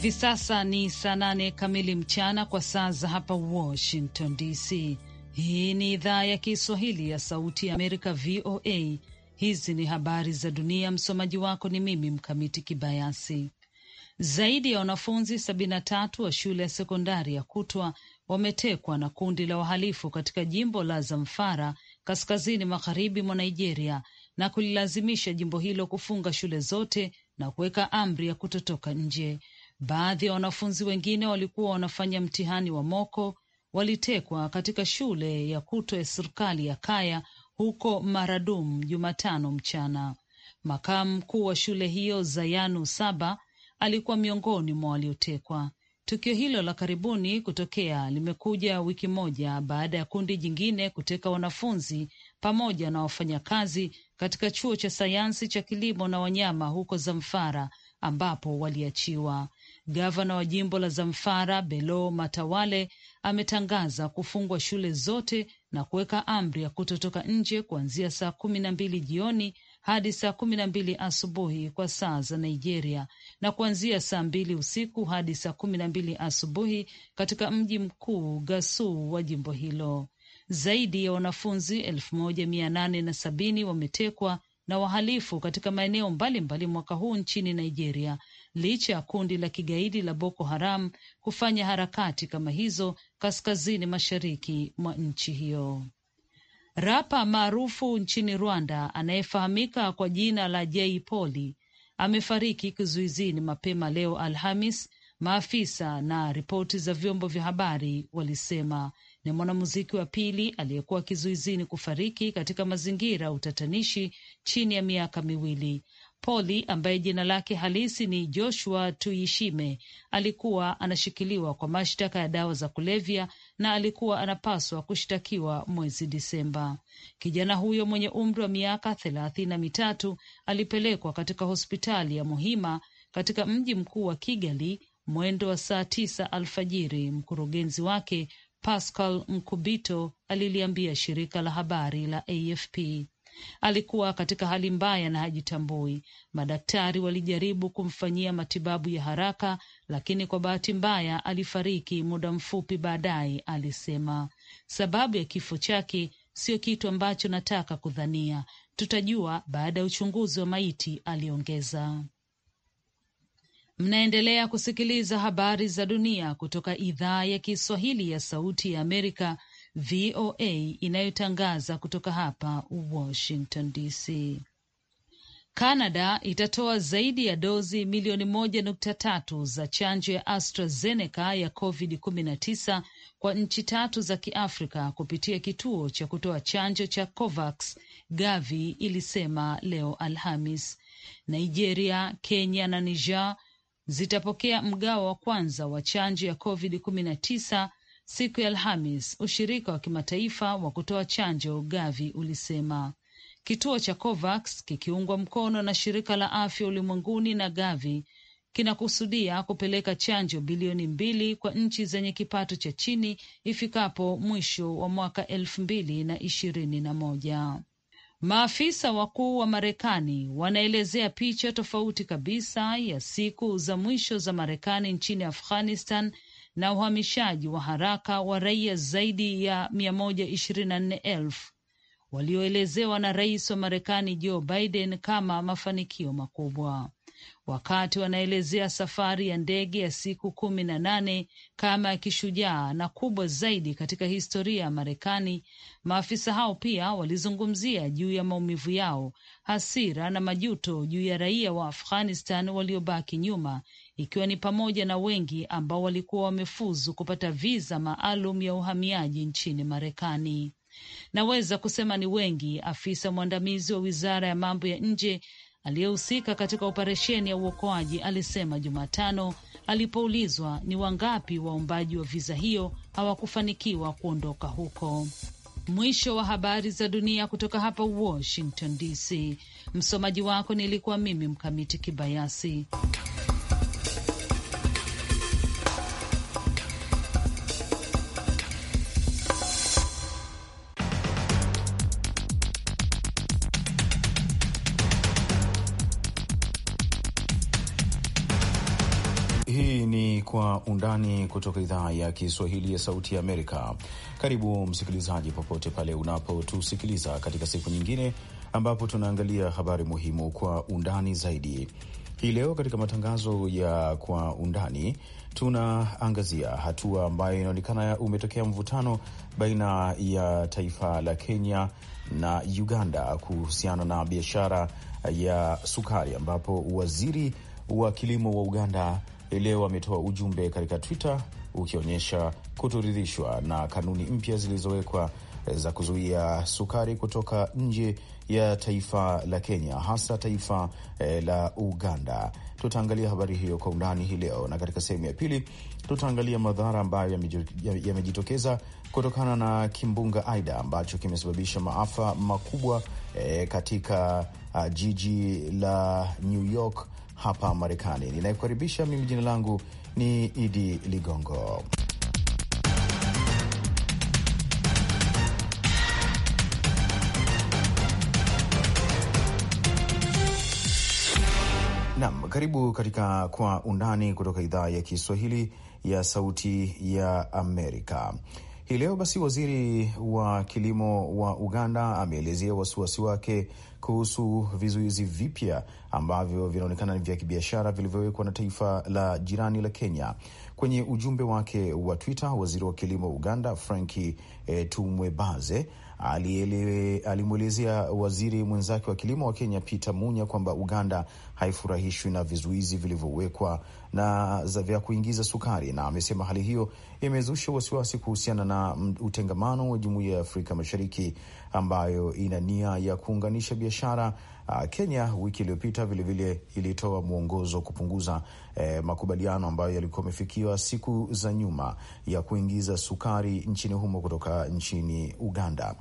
Hivi sasa ni saa nane kamili mchana kwa saa za hapa Washington DC. Hii ni idhaa ya Kiswahili ya Sauti ya Amerika, VOA. Hizi ni habari za dunia. Msomaji wako ni mimi Mkamiti Kibayasi. Zaidi ya wanafunzi sabini na tatu wa shule ya sekondari ya kutwa wametekwa na kundi la wahalifu katika jimbo la Zamfara, kaskazini magharibi mwa Nigeria, na kulilazimisha jimbo hilo kufunga shule zote na kuweka amri ya kutotoka nje. Baadhi ya wanafunzi wengine walikuwa wanafanya mtihani wa moko walitekwa katika shule ya kuto ya serikali ya Kaya huko Maradum Jumatano mchana. Makamu mkuu wa shule hiyo Zayanu Saba alikuwa miongoni mwa waliotekwa. Tukio hilo la karibuni kutokea limekuja wiki moja baada ya kundi jingine kuteka wanafunzi pamoja na wafanyakazi katika chuo cha sayansi cha kilimo na wanyama huko Zamfara ambapo waliachiwa. Gavana wa jimbo la Zamfara belo Matawale ametangaza kufungwa shule zote na kuweka amri ya kutotoka nje kuanzia saa kumi na mbili jioni hadi saa kumi na mbili asubuhi kwa saa za Nigeria na kuanzia saa mbili usiku hadi saa kumi na mbili asubuhi katika mji mkuu Gasu wa jimbo hilo. Zaidi ya wanafunzi elfu moja mia nane na sabini wametekwa na wahalifu katika maeneo mbalimbali mwaka huu nchini Nigeria licha ya kundi la kigaidi la Boko Haram kufanya harakati kama hizo kaskazini mashariki mwa nchi hiyo. Rapa maarufu nchini Rwanda anayefahamika kwa jina la Jay Polly amefariki kizuizini mapema leo Alhamis, maafisa na ripoti za vyombo vya habari walisema. Ni mwanamuziki wa pili aliyekuwa kizuizini kufariki katika mazingira ya utatanishi chini ya miaka miwili, Poli ambaye jina lake halisi ni Joshua Tuishime alikuwa anashikiliwa kwa mashtaka ya dawa za kulevya na alikuwa anapaswa kushtakiwa mwezi Disemba. Kijana huyo mwenye umri wa miaka thelathini na mitatu alipelekwa katika hospitali ya Muhima katika mji mkuu wa Kigali mwendo wa saa tisa alfajiri. Mkurugenzi wake Pascal Mkubito aliliambia shirika la habari la AFP. Alikuwa katika hali mbaya na hajitambui. Madaktari walijaribu kumfanyia matibabu ya haraka, lakini kwa bahati mbaya alifariki muda mfupi baadaye, alisema. Sababu ya kifo chake sio kitu ambacho nataka kudhania, tutajua baada ya uchunguzi wa maiti, aliongeza. Mnaendelea kusikiliza habari za dunia kutoka idhaa ya Kiswahili ya Sauti ya Amerika VOA inayotangaza kutoka hapa Washington DC. Kanada itatoa zaidi ya dozi milioni moja nukta tatu za chanjo ya AstraZeneca ya COVID-19 kwa nchi tatu za Kiafrika kupitia kituo cha kutoa chanjo cha COVAX, Gavi ilisema leo Alhamis. Nigeria, Kenya na Niger zitapokea mgao wa kwanza wa chanjo ya COVID-19 Siku ya Alhamis, ushirika wa kimataifa wa kutoa chanjo Gavi ulisema kituo cha COVAX kikiungwa mkono na shirika la afya ulimwenguni na Gavi kinakusudia kupeleka chanjo bilioni mbili kwa nchi zenye kipato cha chini ifikapo mwisho wa mwaka elfu mbili na ishirini na moja. Maafisa wakuu wa Marekani wanaelezea picha tofauti kabisa ya siku za mwisho za Marekani nchini Afghanistan na uhamishaji wa haraka wa raia zaidi ya 124,000 walioelezewa na rais wa Marekani Joe Biden kama mafanikio makubwa, wakati wanaelezea safari ya ndege ya siku kumi na nane kama ya kishujaa na kubwa zaidi katika historia ya Marekani. Maafisa hao pia walizungumzia juu ya maumivu yao, hasira na majuto juu ya raia wa Afghanistan waliobaki nyuma ikiwa ni pamoja na wengi ambao walikuwa wamefuzu kupata viza maalum ya uhamiaji nchini Marekani. Naweza kusema ni wengi, afisa mwandamizi wa wizara ya mambo ya nje aliyehusika katika operesheni ya uokoaji alisema Jumatano alipoulizwa ni wangapi waombaji wa viza hiyo hawakufanikiwa kuondoka huko. Mwisho wa habari za dunia kutoka hapa Washington DC. Msomaji wako nilikuwa mimi Mkamiti Kibayasi. undani kutoka idhaa ya Kiswahili ya Sauti ya Amerika. Karibu msikilizaji, popote pale unapotusikiliza katika siku nyingine ambapo tunaangalia habari muhimu kwa undani zaidi. Hii leo katika matangazo ya kwa undani tunaangazia hatua ambayo inaonekana umetokea mvutano baina ya taifa la Kenya na Uganda kuhusiana na biashara ya sukari, ambapo waziri wa kilimo wa Uganda leo ametoa ujumbe katika Twitter ukionyesha kutoridhishwa na kanuni mpya zilizowekwa za kuzuia sukari kutoka nje ya taifa la Kenya, hasa taifa eh, la Uganda. Tutaangalia habari hiyo kwa undani hii leo, na katika sehemu ya pili tutaangalia madhara ambayo yamejitokeza kutokana na kimbunga Aida ambacho kimesababisha maafa makubwa eh, katika uh, jiji la New York hapa Marekani. Ninayekukaribisha mimi, jina langu ni Idi Ligongo. Nam, karibu katika Kwa Undani kutoka idhaa ya Kiswahili ya Sauti ya Amerika. Hii leo basi, waziri wa kilimo wa Uganda ameelezea wasiwasi wake kuhusu vizuizi vipya ambavyo vinaonekana ni vya kibiashara vilivyowekwa na taifa la jirani la Kenya. Kwenye ujumbe wake wa Twitter, waziri wa kilimo wa Uganda Franki e, eh, Tumwebaze alimwelezea waziri mwenzake wa kilimo wa Kenya Peter Munya kwamba Uganda haifurahishwi na vizuizi vilivyowekwa na za vya kuingiza sukari, na amesema hali hiyo imezusha wasiwasi kuhusiana na utengamano wa jumuiya ya Afrika Mashariki ambayo ina nia ya kuunganisha biashara. Ah, Kenya wiki iliyopita vilevile ilitoa mwongozo kupunguza eh, makubaliano ambayo yalikuwa yamefikiwa siku za nyuma ya kuingiza sukari nchini humo kutoka nchini Uganda.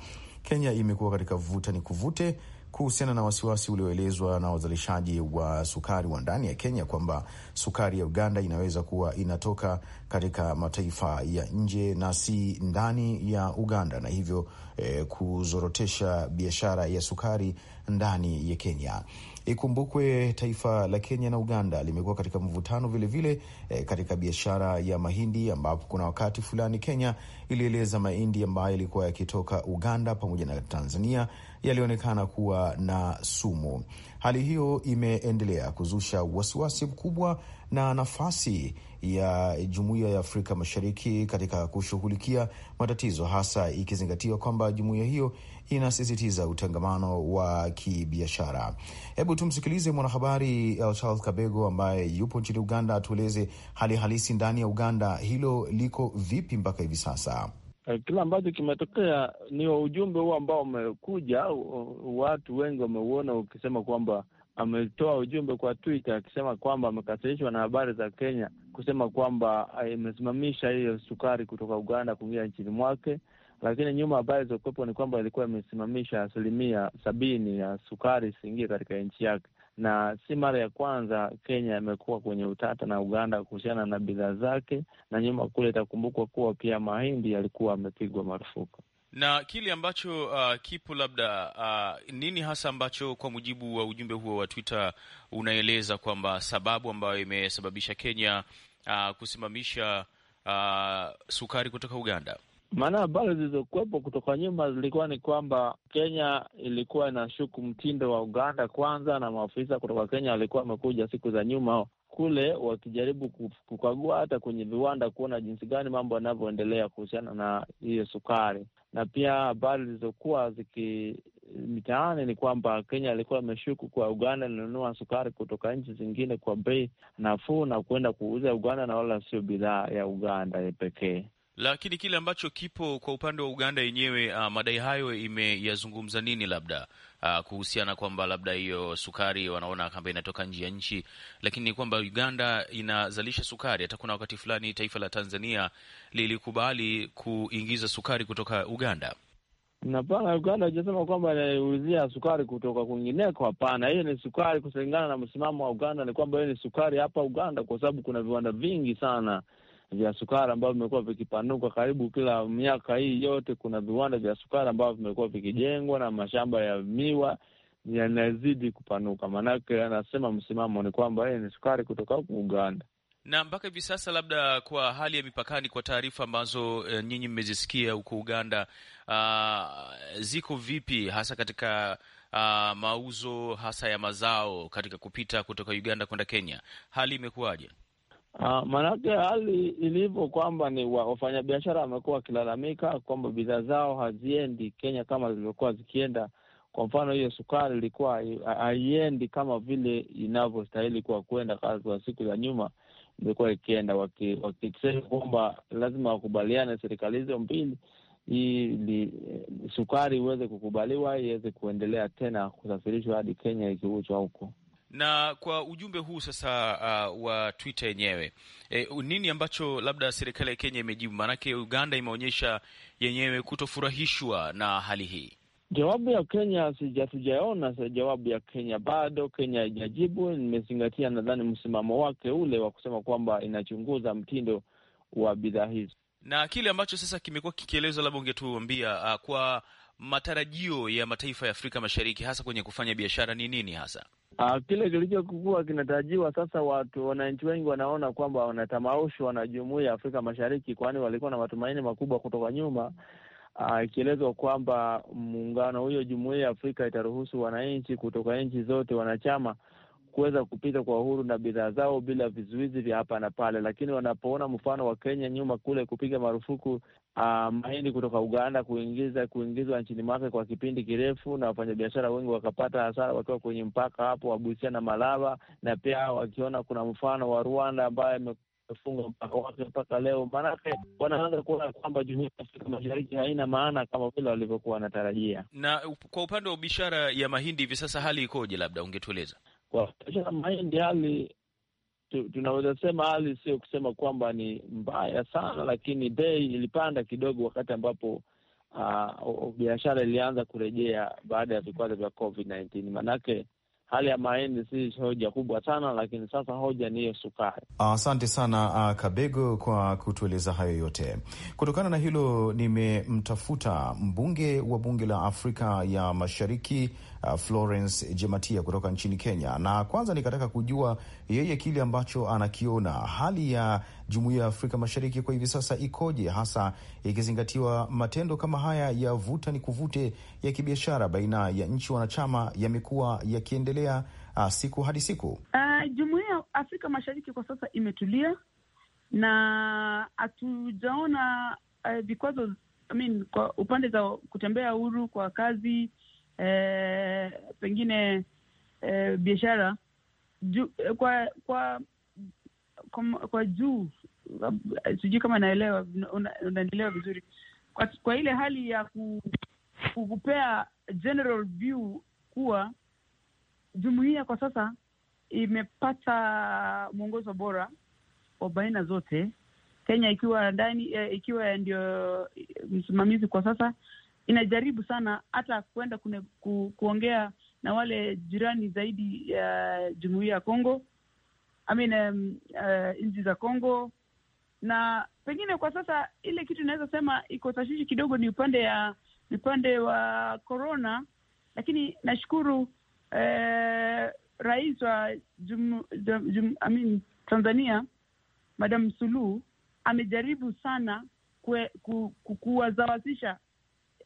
Kenya imekuwa katika vuta ni kuvute kuhusiana na wasiwasi ulioelezwa na wazalishaji wa sukari wa ndani ya Kenya kwamba sukari ya Uganda inaweza kuwa inatoka katika mataifa ya nje na si ndani ya Uganda na hivyo eh, kuzorotesha biashara ya sukari ndani ya Kenya. Ikumbukwe taifa la Kenya na Uganda limekuwa katika mvutano vilevile eh, katika biashara ya mahindi ambapo kuna wakati fulani Kenya ilieleza mahindi ambayo ilikuwa yakitoka Uganda pamoja na Tanzania yalionekana kuwa na sumu. Hali hiyo imeendelea kuzusha wasiwasi mkubwa na nafasi ya Jumuiya ya Afrika Mashariki katika kushughulikia matatizo, hasa ikizingatiwa kwamba jumuiya hiyo inasisitiza utangamano wa kibiashara. Hebu tumsikilize mwanahabari eh, Charles Kabego ambaye yupo nchini Uganda, atueleze hali halisi ndani ya Uganda, hilo liko vipi mpaka hivi sasa? Eh, kila ambacho kimetokea ni ujumbe huo ambao umekuja, watu wengi wameuona ukisema kwamba ametoa ujumbe kwa Twitter akisema kwamba amekasirishwa na habari za Kenya kusema kwamba ah, imesimamisha hiyo sukari kutoka Uganda kuingia nchini mwake, lakini nyuma habari zilizokuwepo ni kwamba ilikuwa imesimamisha asilimia sabini ya sukari isiingie katika nchi yake na si mara ya kwanza Kenya amekuwa kwenye utata na Uganda kuhusiana na bidhaa zake, na nyuma kule itakumbukwa kuwa pia mahindi yalikuwa amepigwa marufuku na kile ambacho uh, kipo labda uh, nini hasa ambacho kwa mujibu wa ujumbe huo wa Twitter unaeleza kwamba sababu ambayo imesababisha Kenya uh, kusimamisha uh, sukari kutoka Uganda? Maana habari zilizokuwepo kutoka nyuma zilikuwa ni kwamba Kenya ilikuwa inashuku mtindo wa Uganda kwanza, na maafisa kutoka Kenya walikuwa wamekuja siku za nyuma kule wakijaribu kukagua hata kwenye viwanda kuona jinsi gani mambo yanavyoendelea kuhusiana na hiyo sukari. Na pia habari zilizokuwa ziki mitaani ni kwamba Kenya alikuwa ameshuku kwa Uganda inanunua sukari kutoka nchi zingine kwa bei nafuu na kuenda kuuza Uganda, na wala sio bidhaa ya Uganda pekee. Lakini kile ambacho kipo kwa upande wa Uganda yenyewe, uh, madai hayo imeyazungumza nini, labda uh, kuhusiana kwamba labda hiyo sukari wanaona kwamba inatoka nje ya nchi, lakini kwamba Uganda inazalisha sukari. Hata kuna wakati fulani taifa la Tanzania lilikubali kuingiza sukari kutoka Uganda. Hapana, Uganda hajasema kwamba inaulizia sukari kutoka kwingineko. Hapana, hiyo ni sukari, kulingana na msimamo wa Uganda ni kwamba hiyo ni sukari hapa Uganda, kwa sababu kuna viwanda vingi sana vya sukari ambavyo vimekuwa vikipanuka karibu kila miaka hii yote. Kuna viwanda vya sukari ambavyo vimekuwa vikijengwa na mashamba ya miwa yanazidi kupanuka. Maanake anasema msimamo ni kwamba ni sukari kutoka huku Uganda na mpaka hivi sasa, labda kwa hali ya mipakani, kwa taarifa ambazo e, nyinyi mmezisikia huko Uganda, a, ah, ziko vipi hasa katika a, ah, mauzo hasa ya mazao katika kupita kutoka Uganda kwenda Kenya, hali imekuwaje? Uh, ah, maanake hali ilivyo kwamba ni wafanyabiashara wamekuwa wakilalamika kwamba bidhaa zao haziendi Kenya kama zilivyokuwa zikienda. Kwa mfano hiyo sukari ilikuwa haiendi kama vile inavyostahili kuwa kwenda, kwa siku za nyuma imekuwa ikienda, wakisema waki, kwamba lazima wakubaliane serikali hizo mbili ili eh, sukari iweze kukubaliwa iweze kuendelea tena kusafirishwa hadi Kenya ikiuzwa huko. Na kwa ujumbe huu sasa uh, wa Twitter yenyewe e, nini ambacho labda serikali ya Kenya imejibu? Maanake Uganda imeonyesha yenyewe kutofurahishwa na hali hii. Jawabu ya Kenya sijatujaona jawabu ya Kenya bado, Kenya haijajibu. Nimezingatia nadhani msimamo wake ule wa kusema kwamba inachunguza mtindo wa bidhaa hizo na kile ambacho sasa kimekuwa kikielezwa, labda ungetuambia uh, kwa matarajio ya mataifa ya Afrika Mashariki hasa kwenye kufanya biashara ni nini hasa? Uh, kile kilichokuwa kinatarajiwa sasa, watu wananchi wengi wanaona kwamba wanatamaushwa na jumuiya ya Afrika Mashariki, kwani walikuwa na matumaini makubwa kutoka nyuma, ah, ikielezwa uh, kwamba muungano huyo, jumuiya ya Afrika itaruhusu wananchi kutoka nchi zote wanachama kuweza kupita kwa uhuru na bidhaa zao bila vizuizi vya hapa na pale. Lakini wanapoona mfano wa Kenya nyuma kule kupiga marufuku uh, mahindi kutoka Uganda kuingiza kuingizwa nchini mwake kwa kipindi kirefu, na wafanyabiashara wengi wakapata hasara wakiwa kwenye mpaka hapo wa Busia na Malaba, na pia wakiona kuna mfano wa Rwanda ambaye amefunga mpaka wake mpaka leo, maanake wanaanza kuona kwamba jumuiya ya Afrika Mashariki haina maana kama vile walivyokuwa wanatarajia. Na kwa upande wa biashara ya mahindi hivi sasa hali ikoje? Labda ungetueleza kwa biashara mahindi hali tu, tunaweza sema hali sio kusema kwamba ni mbaya sana, lakini bei ilipanda kidogo wakati ambapo uh, biashara ilianza kurejea baada ya vikwazo vya Covid 19 maanake hali ya maende si hoja kubwa sana lakini sasa hoja ni hiyo sukari. Asante uh, sana uh, Kabego kwa kutueleza hayo yote. Kutokana na hilo, nimemtafuta mbunge wa bunge la Afrika ya Mashariki Uh, Florence Jematia kutoka nchini Kenya, na kwanza nikataka kujua yeye kile ambacho anakiona hali ya jumuiya ya Afrika Mashariki kwa hivi sasa ikoje, hasa ikizingatiwa matendo kama haya ya vuta ni kuvute ya kibiashara baina ya nchi wanachama yamekuwa yakiendelea uh, siku hadi siku. Uh, jumuiya ya Afrika Mashariki kwa sasa imetulia na hatujaona uh, vikwazo uh, I mean, kwa upande za kutembea huru kwa kazi eh, pengine eh, biashara eh, kwa kwa kwa, kwa juu eh, sijui kama naelewa, unaendelewa una vizuri kwa, kwa ile hali ya ku, kukupea general view kuwa jumuiya kwa sasa imepata mwongozo bora wa baina zote, Kenya ikiwa ndani, eh, ikiwa ndio msimamizi kwa sasa inajaribu sana hata kuenda kune, ku, kuongea na wale jirani zaidi ya uh, jumuia ya Kongo I mean, um, uh, nchi za Kongo na pengine kwa sasa ile kitu inaweza sema iko tashishi kidogo ni upande ya ni upande wa corona, lakini nashukuru eh, rais wa jum, jum, jum, I mean, Tanzania Madam Suluhu amejaribu sana kuwazawazisha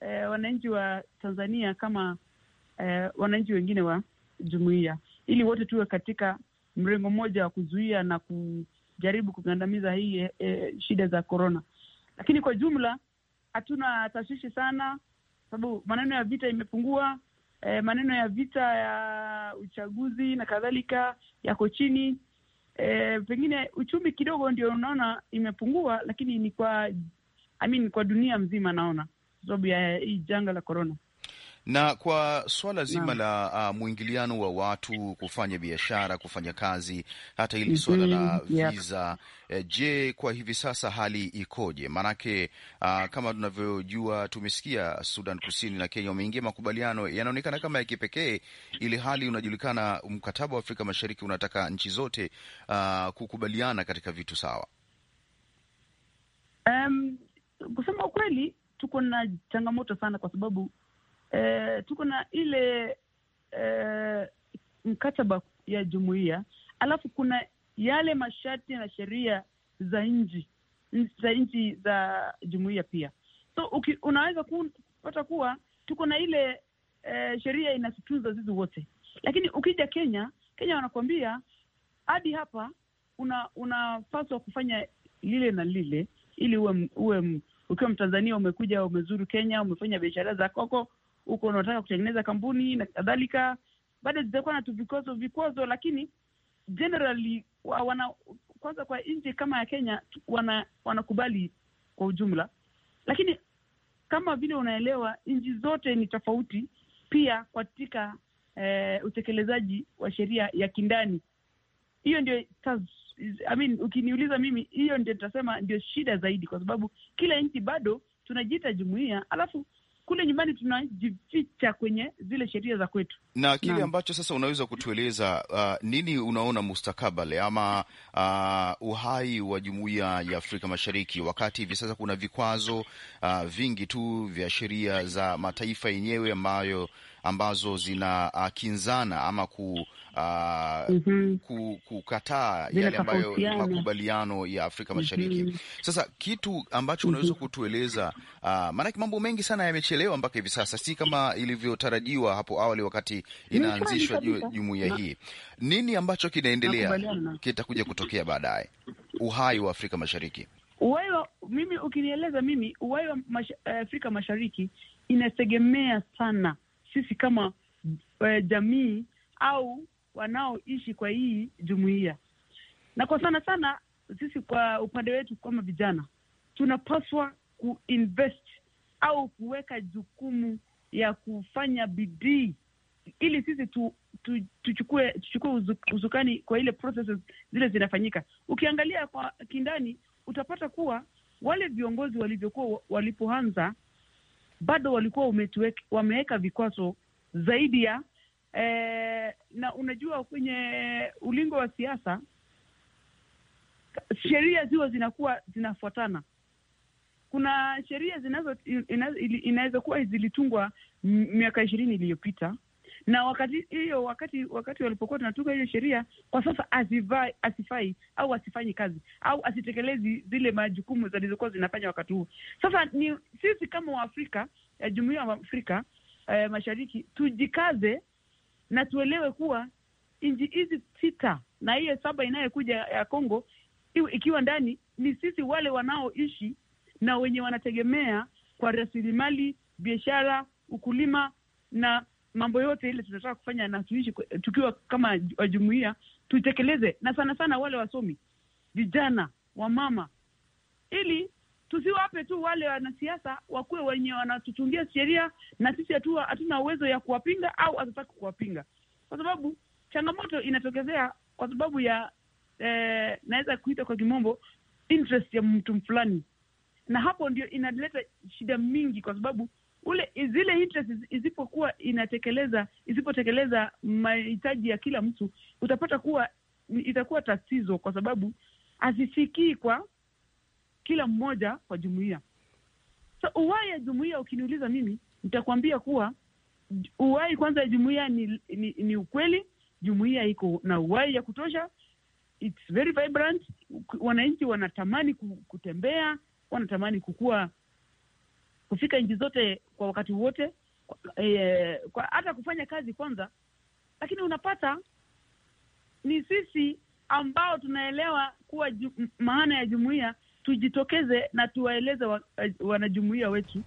eh, wananchi wa Tanzania kama eh, wananchi wengine wa jumuiya, ili wote tuwe katika mrengo mmoja wa kuzuia na kujaribu kugandamiza hii eh, eh shida za korona. Lakini kwa jumla hatuna tashwishi sana, sababu maneno ya vita imepungua. Eh, maneno ya vita ya uchaguzi na kadhalika yako chini. Eh, pengine uchumi kidogo ndio unaona imepungua, lakini ni kwa I mean, kwa dunia mzima naona sababu ya hii janga la korona na kwa swala zima la uh, mwingiliano wa watu kufanya biashara, kufanya kazi, hata hili mhm, swala la viza yep. Eh, je, kwa hivi sasa hali ikoje? Maanake uh, kama tunavyojua, tumesikia Sudan Kusini na Kenya wameingia makubaliano yanaonekana kama ya kipekee, ili hali unajulikana, mkataba wa Afrika Mashariki unataka nchi zote uh, kukubaliana katika vitu sawa. Um, kusema ukweli tuko na changamoto sana, kwa sababu e, tuko na ile e, mkataba ya jumuiya, alafu kuna yale masharti na sheria za nchi za nchi za jumuiya pia. So uki, unaweza kupata kuwa tuko na ile e, sheria inatutunza sisi wote, lakini ukija Kenya, Kenya wanakuambia hadi hapa unapaswa una kufanya lile na lile ili uwe, uwe ukiwa Mtanzania umekuja umezuru Kenya, umefanya biashara za koko huko, unataka kutengeneza kampuni na kadhalika, bado zitakuwa na tu vikwazo vikwazo, lakini generally wa, wana kwanza kwa nchi kama ya Kenya wana, wanakubali kwa ujumla, lakini kama vile unaelewa nchi zote ni tofauti pia katika eh, utekelezaji wa sheria ya kindani hiyo ndio I mean, ukiniuliza mimi, hiyo ndio nitasema ndio shida zaidi, kwa sababu kila nchi bado tunajiita jumuia alafu kule nyumbani tunajificha kwenye zile sheria za kwetu. Na kile na ambacho sasa unaweza kutueleza uh, nini unaona mustakabali ama uh, uhai wa jumuiya ya Afrika Mashariki wakati hivi sasa kuna vikwazo uh, vingi tu vya sheria za mataifa yenyewe ambayo ambazo zinakinzana uh, ama ku uh, mm -hmm. ku, kukataa yale ambayo makubaliano ya Afrika mm-hmm. Mashariki mm -hmm. Sasa kitu ambacho mm-hmm. unaweza mm -hmm. kutueleza uh, maanake mambo mengi sana yamechelewa mpaka hivi sasa, si kama ilivyotarajiwa hapo awali wakati inaanzishwa jumuiya hii. Nini ambacho kinaendelea kitakuja kutokea baadaye, uhai wa Afrika Mashariki? Uhai wa mimi, ukinieleza mimi, uhai wa mash, eh, Afrika Mashariki inategemea sana sisi kama uh, jamii au wanaoishi kwa hii jumuiya, na kwa sana sana sisi kwa upande wetu kama vijana tunapaswa kuinvest au kuweka jukumu ya kufanya bidii ili sisi tu, tu, tuchukue tuchukue uzuk, uzukani kwa ile processes zile zinafanyika. Ukiangalia kwa kindani, utapata kuwa wale viongozi walivyokuwa walipoanza bado walikuwa wameweka vikwazo zaidi ya e, na unajua kwenye ulingo wa siasa sheria ziwa zinakuwa zinafuatana. Kuna sheria inaweza kuwa zilitungwa miaka ishirini iliyopita na wakati hiyo wakati wakati walipokuwa tunatunga hiyo sheria, kwa sasa asifai, asifai au asifanyi kazi au asitekelezi zile majukumu zilizokuwa zinafanya wakati huo. Sasa ni sisi kama Waafrika, eh, jumuiya ya Afrika eh, Mashariki tujikaze na tuelewe kuwa nchi hizi sita na hiyo saba inayokuja ya Kongo ikiwa ndani, ni sisi wale wanaoishi na wenye wanategemea kwa rasilimali, biashara, ukulima na mambo yote ile tunataka kufanya na tuishi tukiwa kama wajumuia, tuitekeleze, na sana sana wale wasomi, vijana, wamama, ili tusiwape tu wale wanasiasa wakuwe wenye wanatutungia sheria na sisi hatua hatuna uwezo ya kuwapinga au hatutaki kuwapinga, kwa sababu changamoto inatokezea kwa sababu ya eh, naweza kuita kwa kimombo interest ya mtu fulani, na hapo ndio inaleta shida mingi, kwa sababu ule zile interest isipokuwa inatekeleza isipotekeleza mahitaji ya kila mtu, utapata kuwa itakuwa tatizo, kwa hazifikii kwa kila mmoja kwa jumuiya. So uwai ya jumuiya, ukiniuliza mimi, nitakwambia kuwa uwai kwanza ya jumuiya ni, ni, ni ukweli. Jumuiya iko na uwai ya kutosha, it's very vibrant. Wananchi wanatamani kutembea, wanatamani kukua, kufika nchi zote kwa wakati wote, e, kwa hata kufanya kazi kwanza, lakini unapata ni sisi ambao tunaelewa kuwa ju, maana ya jumuia tujitokeze na tuwaeleze wa, eh, wanajumuia wetu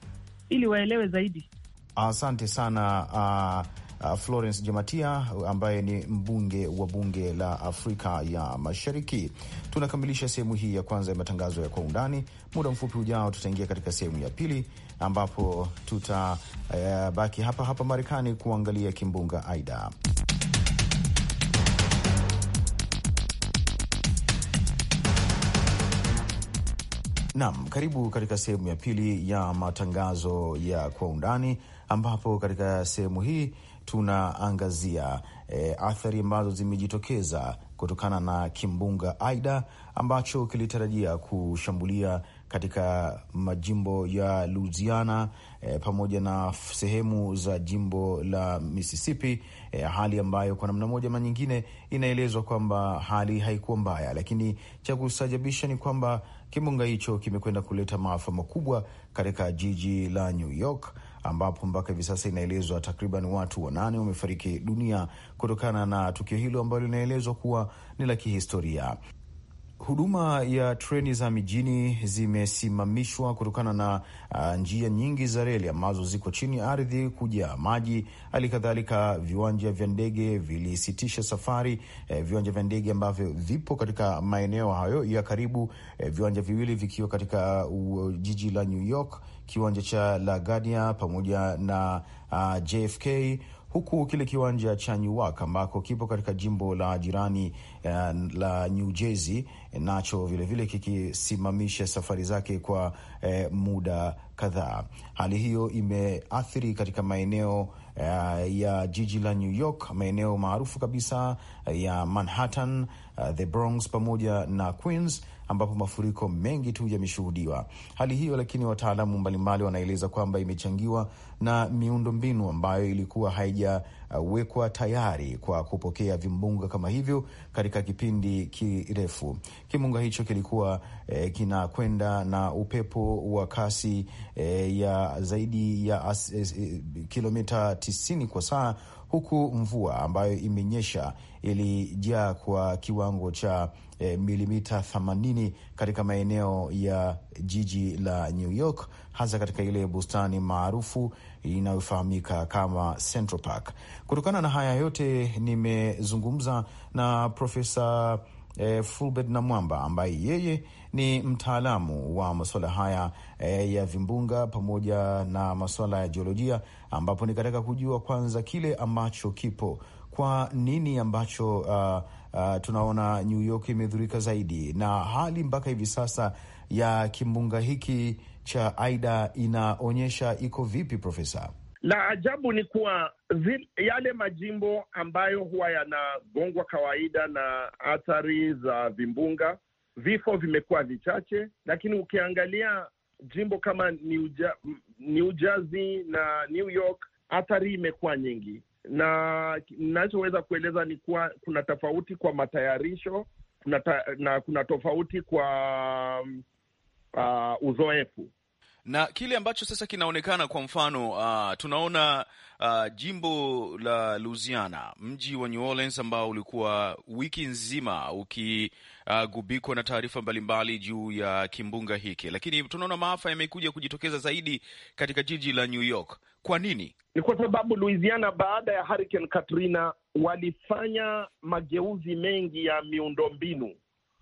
ili waelewe zaidi. Asante sana uh... Florence Jamatia ambaye ni mbunge wa bunge la Afrika ya Mashariki. Tunakamilisha sehemu hii ya kwanza ya matangazo ya kwa undani. Muda mfupi ujao, tutaingia katika sehemu ya pili ambapo tutabaki uh, hapa hapa Marekani kuangalia kimbunga Aida. Naam, karibu katika sehemu ya pili ya matangazo ya kwa undani, ambapo katika sehemu hii tunaangazia e, athari ambazo zimejitokeza kutokana na kimbunga Aida ambacho kilitarajia kushambulia katika majimbo ya Louisiana e, pamoja na sehemu za jimbo la Mississippi e, hali ambayo kwa namna moja ama nyingine inaelezwa kwamba hali haikuwa mbaya, lakini cha kusajabisha ni kwamba Kimbunga hicho kimekwenda kuleta maafa makubwa katika jiji la New York ambapo mpaka hivi sasa inaelezwa takriban watu wanane wamefariki dunia kutokana na tukio hilo ambalo linaelezwa kuwa ni la kihistoria. Huduma ya treni za mijini zimesimamishwa kutokana na uh, njia nyingi za reli ambazo ziko chini ardhi kujaa maji. Hali kadhalika viwanja vya ndege vilisitisha safari. Eh, viwanja vya ndege ambavyo vipo katika maeneo hayo ya karibu, eh, viwanja viwili vikiwa katika uh, jiji la New York, kiwanja cha LaGuardia pamoja na uh, ah, JFK huku kile kiwanja cha Newark ambako kipo katika jimbo la jirani uh, la New Jersey eh, nacho vilevile kikisimamisha safari zake kwa uh, muda kadhaa. Hali hiyo imeathiri katika maeneo Uh, ya jiji la New York, maeneo maarufu kabisa ya Manhattan, uh, the Bronx pamoja na Queens ambapo mafuriko mengi tu yameshuhudiwa. Hali hiyo lakini, wataalamu mbalimbali wanaeleza kwamba imechangiwa na miundombinu ambayo ilikuwa haijawekwa tayari kwa kupokea vimbunga kama hivyo katika kipindi kirefu. Kimbunga hicho kilikuwa eh, kinakwenda na upepo wa kasi eh, ya zaidi ya eh, kilomita 90 kwa saa huku mvua ambayo imenyesha ilijaa kwa kiwango cha e, milimita 80 katika maeneo ya jiji la New York hasa katika ile bustani maarufu inayofahamika kama Central Park. Kutokana na haya yote, nimezungumza na Profesa E, Fulbert na Mwamba ambaye yeye ni mtaalamu wa masuala haya e, ya vimbunga pamoja na masuala ya jiolojia, ambapo ni katika kujua kwanza kile ambacho kipo, kwa nini ambacho uh, uh, tunaona New York imedhurika zaidi na hali mpaka hivi sasa ya kimbunga hiki cha Aida inaonyesha iko vipi, Profesa? La ajabu ni kuwa yale majimbo ambayo huwa yanagongwa kawaida na athari za vimbunga, vifo vimekuwa vichache, lakini ukiangalia jimbo kama New, New Jersey na New York, athari imekuwa nyingi, na ninachoweza kueleza ni kuwa kuna tofauti kwa matayarisho, kuna ta na kuna tofauti kwa Ah. uh, uzoefu na kile ambacho sasa kinaonekana kwa mfano uh, tunaona uh, jimbo la Louisiana, mji wa New Orleans ambao ulikuwa wiki nzima ukigubikwa uh, na taarifa mbalimbali juu ya kimbunga hiki, lakini tunaona maafa yamekuja kujitokeza zaidi katika jiji la New York. Kwa nini? Ni kwa sababu Louisiana, baada ya Hurricane Katrina, walifanya mageuzi mengi ya miundombinu,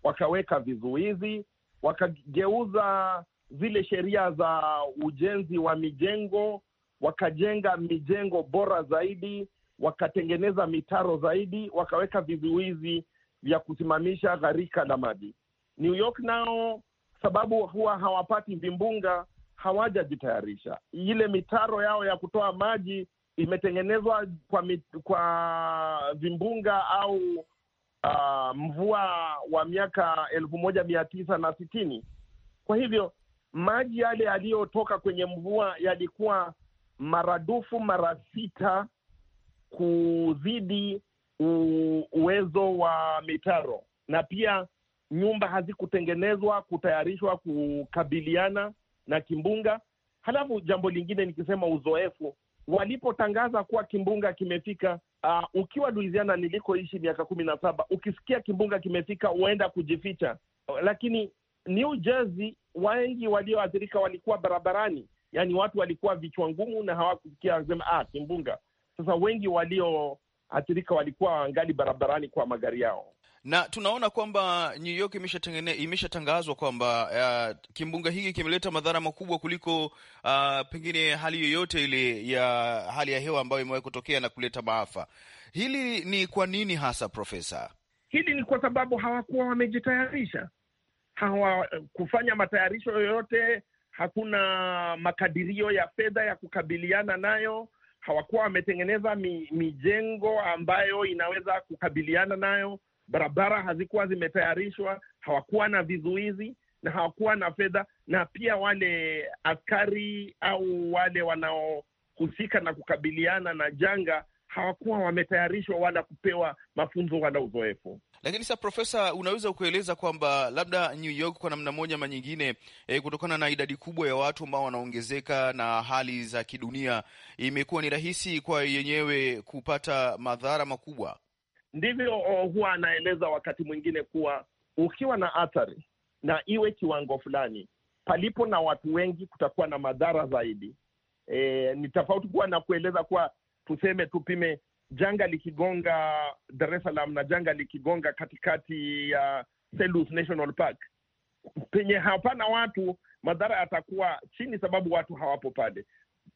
wakaweka vizuizi wakageuza zile sheria za ujenzi wa mijengo, wakajenga mijengo bora zaidi, wakatengeneza mitaro zaidi, wakaweka vizuizi vya kusimamisha gharika la maji. New York nao sababu huwa hawapati vimbunga, hawajajitayarisha. Ile mitaro yao ya kutoa maji imetengenezwa kwa, mit, kwa vimbunga au uh, mvua wa miaka elfu moja mia tisa na sitini. Kwa hivyo maji yale yaliyotoka kwenye mvua yalikuwa maradufu mara sita kuzidi uwezo wa mitaro, na pia nyumba hazikutengenezwa kutayarishwa kukabiliana na kimbunga. Halafu jambo lingine nikisema uzoefu, walipotangaza kuwa kimbunga kimefika, uh, ukiwa Louisiana nilikoishi miaka kumi na saba, ukisikia kimbunga kimefika huenda kujificha, lakini New Jersey wengi walioathirika walikuwa barabarani, yaani watu walikuwa vichwa ngumu na hawakusikia sema ah, kimbunga. Sasa wengi walioathirika walikuwa wangali barabarani kwa magari yao na tunaona kwamba New York imeshatangazwa kwamba uh, kimbunga hiki kimeleta madhara makubwa kuliko uh, pengine hali yoyote ile ya hali ya hewa ambayo imewahi kutokea na kuleta maafa. Hili ni kwa nini hasa Profesa? Hili ni kwa sababu hawakuwa wamejitayarisha, hawakufanya matayarisho yoyote. Hakuna makadirio ya fedha ya kukabiliana nayo hawakuwa wametengeneza mijengo ambayo inaweza kukabiliana nayo barabara hazikuwa zimetayarishwa, hawakuwa na vizuizi na hawakuwa na fedha, na pia wale askari au wale wanaohusika na kukabiliana na janga hawakuwa wametayarishwa wala kupewa mafunzo wala uzoefu. Lakini sasa, Profesa, unaweza kueleza kwamba labda New York kwa namna moja ama nyingine, e, kutokana na idadi kubwa ya watu ambao wanaongezeka na hali za kidunia, imekuwa ni rahisi kwa yenyewe kupata madhara makubwa ndivyo huwa anaeleza wakati mwingine kuwa ukiwa na athari na iwe kiwango fulani, palipo na watu wengi kutakuwa na madhara zaidi. E, ni tofauti kuwa na kueleza kuwa tuseme tupime janga likigonga Dar es Salaam na janga likigonga katikati ya uh, National Park penye hapana watu, madhara yatakuwa chini, sababu watu hawapo pale.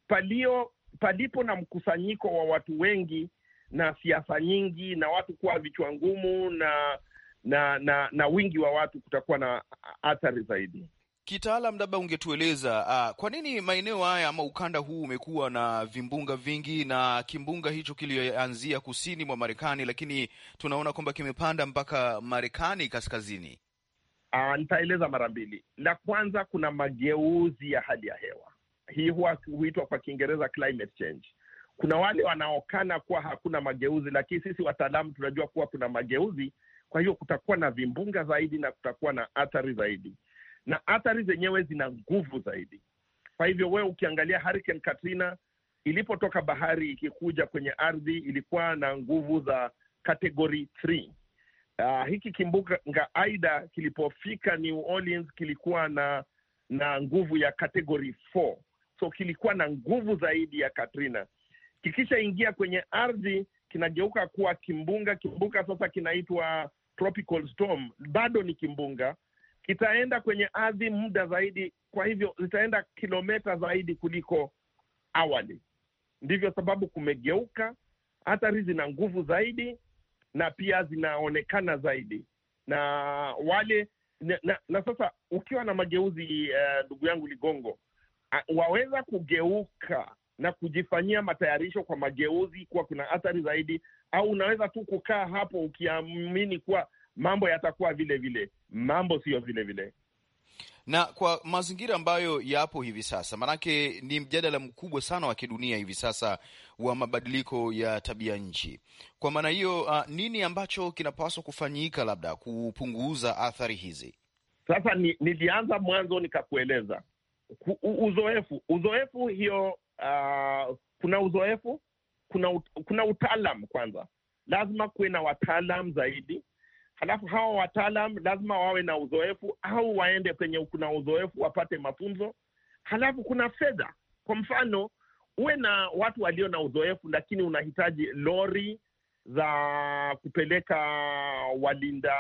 Palio palipo na mkusanyiko wa watu wengi na siasa nyingi na watu kuwa vichwa ngumu na na na na wingi wa watu, kutakuwa na athari zaidi. Kitaalam, labda ungetueleza uh, kwa nini maeneo haya ama ukanda huu umekuwa na vimbunga vingi, na kimbunga hicho kilianzia kusini mwa Marekani, lakini tunaona kwamba kimepanda mpaka Marekani kaskazini. Uh, nitaeleza mara mbili. La kwanza, kuna mageuzi ya hali ya hewa, hii huwa huitwa kwa Kiingereza climate change kuna wale wanaokana kuwa hakuna mageuzi, lakini sisi wataalamu tunajua kuwa kuna mageuzi. Kwa hiyo kutakuwa na vimbunga zaidi na kutakuwa na athari zaidi, na athari zenyewe zina nguvu zaidi. Kwa hivyo wewe ukiangalia Hurricane Katrina ilipotoka bahari ikikuja kwenye ardhi ilikuwa na nguvu za category 3. Uh, ah, hiki kimbunga Aida kilipofika New Orleans kilikuwa na na nguvu ya category 4, so kilikuwa na nguvu zaidi ya Katrina kikishaingia kwenye ardhi kinageuka kuwa kimbunga. Kimbunga sasa kinaitwa tropical storm, bado ni kimbunga. Kitaenda kwenye ardhi muda zaidi, kwa hivyo zitaenda kilometa zaidi kuliko awali. Ndivyo sababu kumegeuka, athari zina nguvu zaidi na pia zinaonekana zaidi na wale na, na, na sasa ukiwa na mageuzi eh, ndugu uh, yangu Ligongo uh, waweza kugeuka na kujifanyia matayarisho kwa mageuzi kuwa kuna athari zaidi, au unaweza tu kukaa hapo ukiamini kuwa mambo yatakuwa vile vile. Mambo siyo vile vile na kwa mazingira ambayo yapo hivi sasa, maanake ni mjadala mkubwa sana wa kidunia hivi sasa wa mabadiliko ya tabia nchi. Kwa maana hiyo, uh, nini ambacho kinapaswa kufanyika labda kupunguza athari hizi? Sasa nilianza ni mwanzo nikakueleza uzoefu, uzoefu hiyo uh, kuna uzoefu, kuna, kuna utaalam kwanza. Lazima kuwe na wataalam zaidi, halafu hawa wataalam lazima wawe na uzoefu au waende kwenye kuna uzoefu wapate mafunzo, halafu kuna fedha. Kwa mfano, uwe na watu walio na uzoefu, lakini unahitaji lori za kupeleka walinda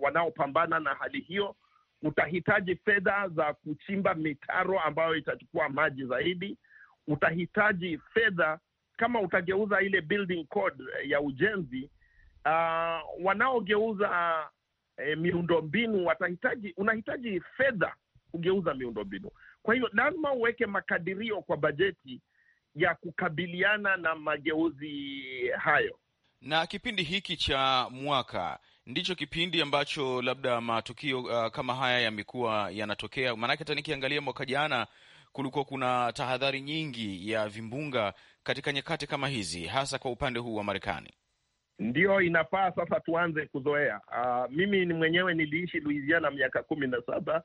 wanaopambana na hali hiyo. Utahitaji fedha za kuchimba mitaro ambayo itachukua maji zaidi utahitaji fedha kama utageuza ile building code eh, ya ujenzi. Uh, wanaogeuza eh, miundombinu watahitaji, unahitaji fedha kugeuza miundombinu. Kwa hiyo lazima uweke makadirio kwa bajeti ya kukabiliana na mageuzi hayo, na kipindi hiki cha mwaka ndicho kipindi ambacho labda matukio uh, kama haya yamekuwa yanatokea. Maanake hata nikiangalia mwaka jana kulikuwa kuna tahadhari nyingi ya vimbunga katika nyakati kama hizi, hasa kwa upande huu wa Marekani? Ndiyo, inafaa sasa tuanze kuzoea. Uh, mimi mwenyewe niliishi Louisiana miaka kumi na saba.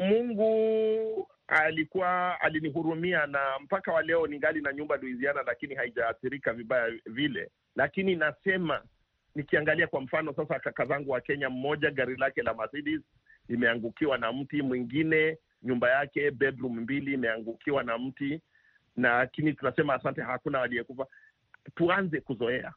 Mungu alikuwa alinihurumia, na mpaka wa leo ningali na nyumba Louisiana, lakini haijaathirika vibaya vile. Lakini nasema nikiangalia kwa mfano sasa, kaka zangu wa Kenya, mmoja gari lake la Mercedes limeangukiwa na mti, mwingine nyumba yake bedroom mbili imeangukiwa na mti, na lakini tunasema asante, hakuna aliyekufa. Tuanze kuzoea,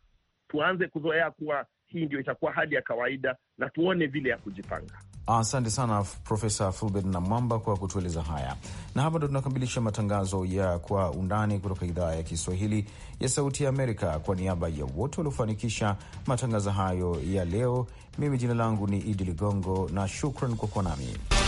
tuanze kuzoea kuwa hii ndio itakuwa hali ya kawaida, na tuone vile ya kujipanga. Asante sana Profesa Fulbert na Mwamba kwa kutueleza haya, na hapa ndo tunakamilisha matangazo ya Kwa Undani kutoka idhaa ya Kiswahili ya Sauti ya Amerika. Kwa niaba ya wote waliofanikisha matangazo hayo ya leo, mimi jina langu ni Idi Ligongo na shukran kwa kuwa nami.